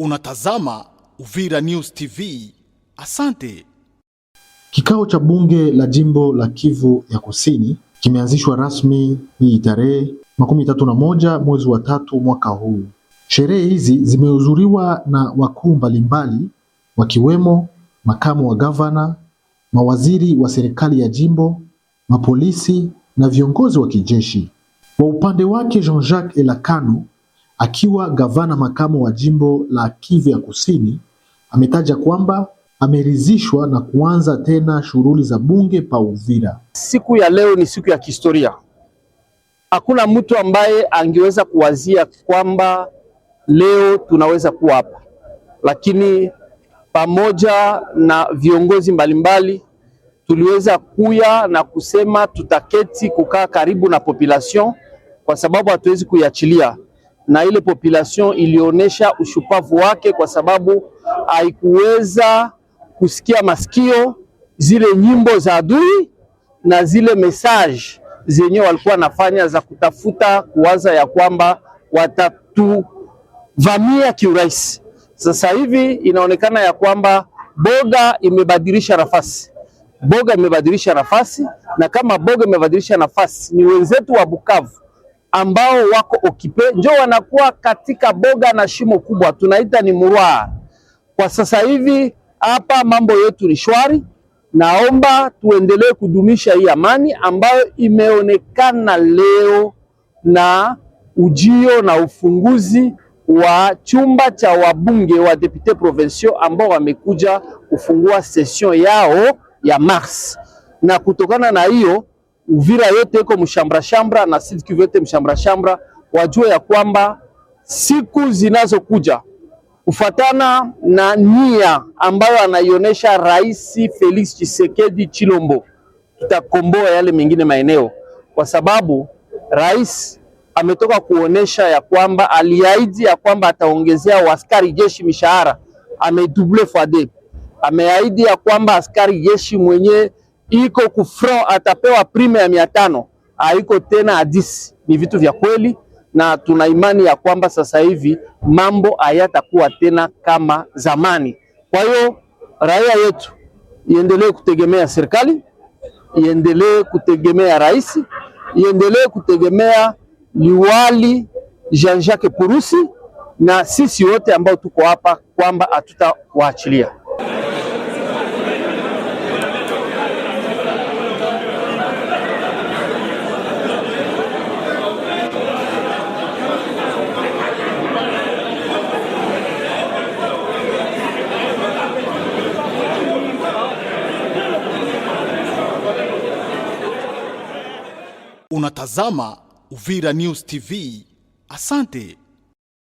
Unatazama Uvira News TV. Asante. Kikao cha bunge la jimbo la Kivu ya Kusini kimeanzishwa rasmi hii tarehe makumi tatu na moja mwezi wa tatu mwaka huu. Sherehe hizi zimehudhuriwa na wakuu mbalimbali wakiwemo makamu wa gavana, mawaziri wa serikali ya jimbo, mapolisi na viongozi wa kijeshi. Kwa upande wake Jean-Jacques Elakano Akiwa gavana makamu wa jimbo la Kivu ya Kusini, ametaja kwamba ameridhishwa na kuanza tena shughuli za bunge pa Uvira. Siku ya leo ni siku ya kihistoria. Hakuna mtu ambaye angeweza kuwazia kwamba leo tunaweza kuwa hapa, lakini pamoja na viongozi mbalimbali tuliweza kuya na kusema tutaketi kukaa karibu na population, kwa sababu hatuwezi kuiachilia na ile population ilionyesha ushupavu wake, kwa sababu haikuweza kusikia masikio zile nyimbo za adui na zile message zenye walikuwa nafanya za kutafuta kuwaza ya kwamba watatuvamia kiurahisi. Sasa hivi inaonekana ya kwamba boga imebadilisha nafasi, boga imebadilisha nafasi, na kama boga imebadilisha nafasi, ni wenzetu wa Bukavu ambao wako okipe njo wanakuwa katika boga na shimo kubwa, tunaita ni murwa. Kwa sasa hivi hapa mambo yetu ni shwari. Naomba tuendelee kudumisha hii amani ambayo imeonekana leo na ujio na ufunguzi wa chumba cha wabunge wa depute provincial ambao wamekuja kufungua session yao ya mars, na kutokana na hiyo Uvira yote iko mshambra shambra na Sud Kivu yote mshambra shambra, wajue ya kwamba siku zinazokuja kufatana na nia ambayo anaionyesha Rais Felix Tshisekedi Chilombo, tutakomboa yale mengine maeneo, kwa sababu rais ametoka kuonesha ya kwamba aliahidi ya kwamba ataongezea askari jeshi mishahara, amedouble fois deux. Ameahidi ya kwamba askari jeshi mwenye iko kufro atapewa prime ya mia tano haiko tena hadisi. Ni vitu vya kweli, na tuna imani ya kwamba sasa hivi mambo hayatakuwa tena kama zamani. Kwa hiyo raia yetu iendelee kutegemea serikali, iendelee kutegemea rais, iendelee kutegemea liwali Jean-Jacques Purusi na sisi wote ambao tuko hapa kwamba hatutawaachilia. Unatazama Uvira News TV. Asante.